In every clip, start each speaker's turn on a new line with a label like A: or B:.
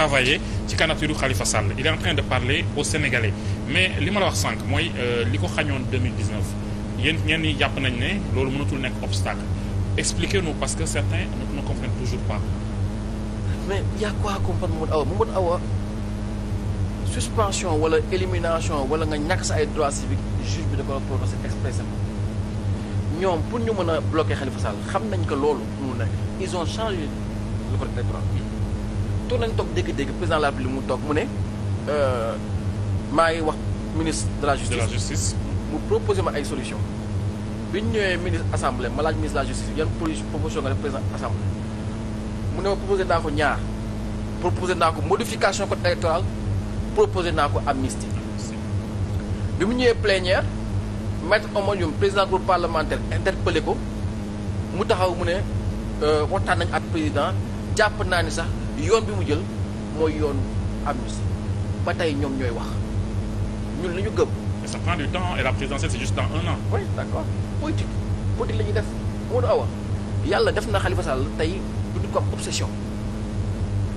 A: travailler ci candidature Khalifa Sall il est en train de parler aux Sénégalais mais li ma la wax sànq mooy euh, li ko xañoon 2019 yéen ñenn ñi jàpp nañ ne loolu mënatul nekk obstacle expliquez-nous parce que certains ne comprennent toujours pas.
B: mais y ko quoi à comprendre Mamadou Awa Mamadou Awa suspension wala élimination wala nga ñàkk sax ay droits civiques juge bi da ko prononcé expressément ñoom pour ñu mën a bloquer Khalifa Sall xam nañ ko loolu mënul nekk ils ont changé le code électoral. toog nañ toog dégg-dégg président de la lu mu toog mu ne euh, maa ngi wax ministre de la justice de la justice. mu proposé ma ay solution bi ñu ñëwee ministre assemblée ma laaj ministre de la justice yan proposition nga def président assemblée mu ne ma proposé naa ko ñaar proposé naa ko modification code électoral proposé naa ko amnistie. bi mu ñëwee plénière maître Oumar Youm président groupe parlementaire interpellé ko mu taxaw mu ne euh, waxtaan nañ ak président jàpp naa ni sax. yoon bi mu jël mooy yoonu amnistie ba tey ñoom ñooy wax ñun li ñu gëm. mais ça prend du temps et la présidentielle c'est juste dans un la ñuy def Modou Awa yàlla def na Khalifa Sall tey du ko am obsession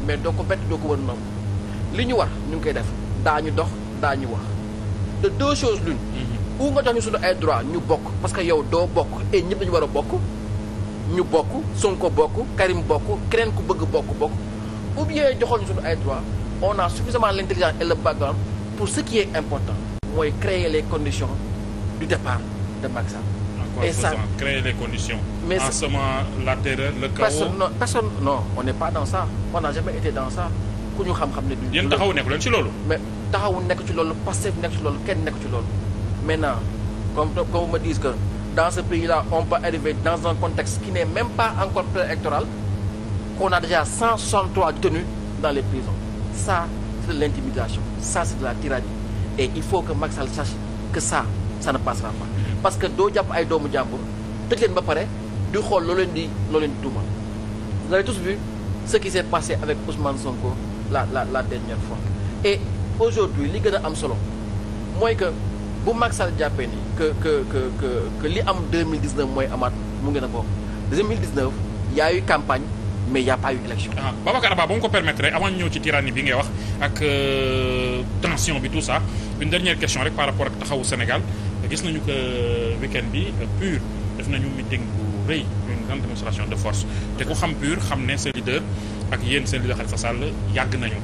B: mais doo ko bett doo ko wër noonu li ñu war ñu ngi koy def daañu dox daa daañu wax de deux choses l'une mm-hmm. ou nga jox ñu suñu ay droit ñu bokk parce que yow doo bokk et ñëpp dañu war a bokk ñu bokk Sonko bokk Karim bokk keneen ku bëgg bokk bokk ou bien joxoon suñu ay droit on a suffisamment l'intelligence et le background pour ce qui est important mooy créer les conditions du départ de Macky Sall. en quoi faisant
A: créer les conditions. mais en semant la terreur le chaos. personne non
B: personne non on n'est pas dans ça on n'a jamais été dans ça ku ñu xam-xam ne. du yéen taxawu nekk leen ci loolu. mais taxawu nekk ci loolu Pastef nekk ci loolu kenn nekk ci loolu maintenant comme comme on me dise que dans ce pays là on peut arriver dans un contexte qui n'est même pas encore préélectoral qu'on a déjà 163 détenus dans les prisons. Ça, c'est de l'intimidation. Ça, c'est de la tyrannie. Et il faut que Macky Sall sache que ça, ça ne passera pas. parce que doo jàpp ay doomu jàmbur tëj leen ba pare di xool loo leen di loo leen di tuumal. vous avez tous vu ce qui s'est la la la dernière fois. et aujourd'hui li gën a am solo mooy que bu Macky Sall jàppee ni que que que que que li am 2019 mooy amaat mu ngeen a bokk 2019 y a campagne. mais il y a pas eu élection. Ah,
A: ba mu ko permettre avant ñëw ci tyrannie bi ngay wax ak euh, tension bi tout ça une dernière question rek par rapport ak taxawu Sénégal gis nañu que euh, week bi euh, pur def nañu meeting bu rëy une grande démonstration de force te ku xam pur xam ne seen leader ak yéen seen leader Khalifa Sall yàgg nañu.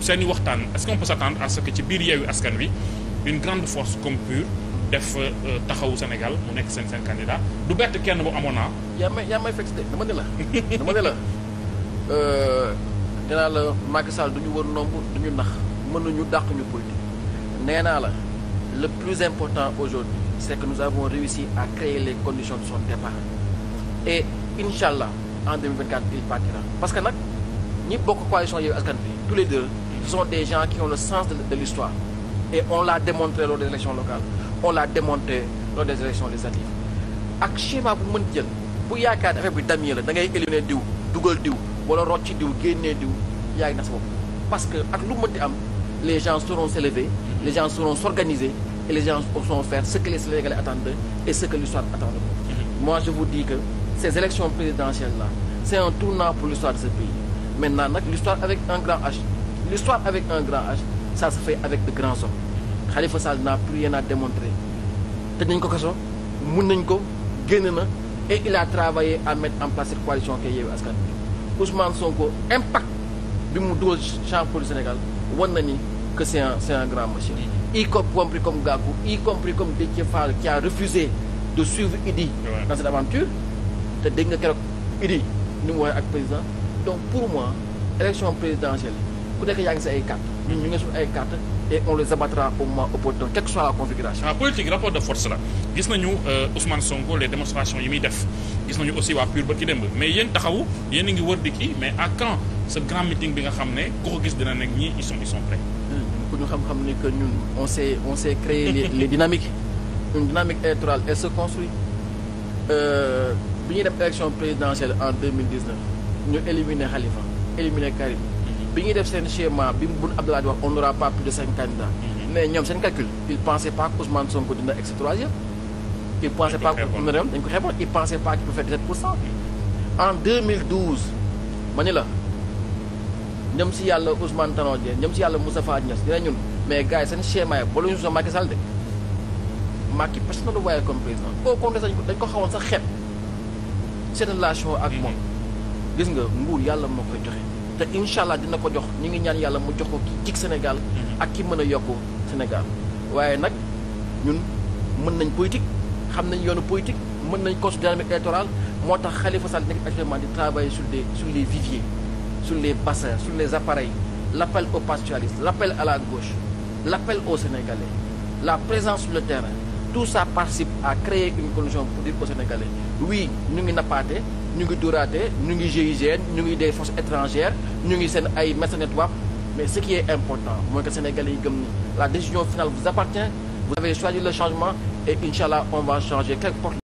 A: seeni waxtaan est-ce qu'on peut s'attendre à que ci biir Yewwi Askan Wi une grande force comme pur. def euh, taxawu Sénégal mu nekk seen seen candidat du bett kenn
B: bu amoon naa. yaa may yaa may fekk de dama ne la dama ne la dinaa euh, la Macky Sall du ñu war nomb du ñu nax mën nañu dàq ñu politique nee naa la le plus important aujourd'hui c'est que nous avons réussi à créer les conditions de son départ et incha allah en 2024 il partira parce que nag ñi bokk coalition Yewwi Askan Wi tous les deux ce sont des gens qui ont le sens de l'histoire et on l'a démontré lors des élections on l'a démontré lors des élections législatives ak schéma bu mën jël bu yaakaar ne affaire bi damier la da ngay éliminer diw dugal diw wala rocci diw génnee diw yaa ngi na sa bopp parce que ak lu mënti am les gens seront s'élever les gens seront s'organiser et les gens seront faire ce que les Sénégalais attendent et ce que l'histoire attend de nous. moi je vous dis que ces élections présidentielles là c'est un tournant pour l'histoire de ce pays maintenant nag avec un grand xalifa Sall n'a plus rien à démontrer tëj nañ ko kaso mun nañ ko génn na et il a travaillé à mettre en place cette coalition kay Yewwi Askan Wi Ousmane Sonko impact bi mu dugal champ pour Sénégal wan na ni que c'est un c'est un grand monsieur y compris comme Gakou y compris comme Déthié Fall qui a refusé de suivre Idi dans cette aventure te dégg nga keroog Idi ni mu waxee ak président donc pour moi élection présidentielle ku nekk yaa ngi sa ay carte ñun ñu ngi suñu ay carte et eh, on les abattra au moment opportun quelle soit la configuration
A: ah rapport de force la gis nañu eh, Ousmane Sonko les démonstrations yi muy def gis nañu aussi waa PUR ba ki démb mais yéen taxawu yéen a ngi wër di kii mais à quand ce grand meeting
B: bi nga xam ne ku ko gis dina nekk ñii ils sont ils sont prêts hmm, ku ñu xam-xam ni que ñun on s'est on s'est créé les, les dynamiques une dynamique électorale elle se construit euh, bi ñuy def élection présidentielle en 2019 ñu éliminer Khalifa bi ñuy def seen schéma bi mu Abdallah di wax on n'aura pas plus de cinq candidats. Mm-hmm. mais ñoom seen calcul il pensait pas que Ousmane Sonko dina egg si troisième. il pensait pas que dañ ko xeeboon pas qu'il peut faire 17 pour cent. Mm-hmm. ma ni la ñoom si yàlla Ousmane Tanor ñoom si yàlla Moustapha Niasse dina ñun mais gars yi seen schéma yi ba lu ñu soo Macky Sall de Macky parce que du waaye comme président au contraire sax dañ ko xawoon sax xet seen relation ak moom mm-hmm. gis nga nguur yàlla moo koy joxe. te incha allah dina ko jox ñu ngi ñaan yàlla mu jox ko ki jig Sénégal mhm. ak ki mën a yokk Sénégal waaye nag ñun mën nañ politique xam nañ yoonu politique mën nañ course dynamique électorale moo tax xalifa Sall nekk actuellement di travailler sur des sur les viviers sur les bassins sur les appareils l'appel aux pastoralistes l'appel à la gauche l'appel aux Sénégalais la présence sur le terrain tout ça participe à créer une condition pour dire aux Sénégalais ñu ngi nappaate ñu ngi Dooraate ñu ngi GIGN ñu ngi des forces étrangères ñu ngi seen ay mercenaires tubaab mais ce qui est important mooy que Sénégalais yi gëm ni la décision finale vous appartient vous avez choisi le changement et incha on va changer quelque porte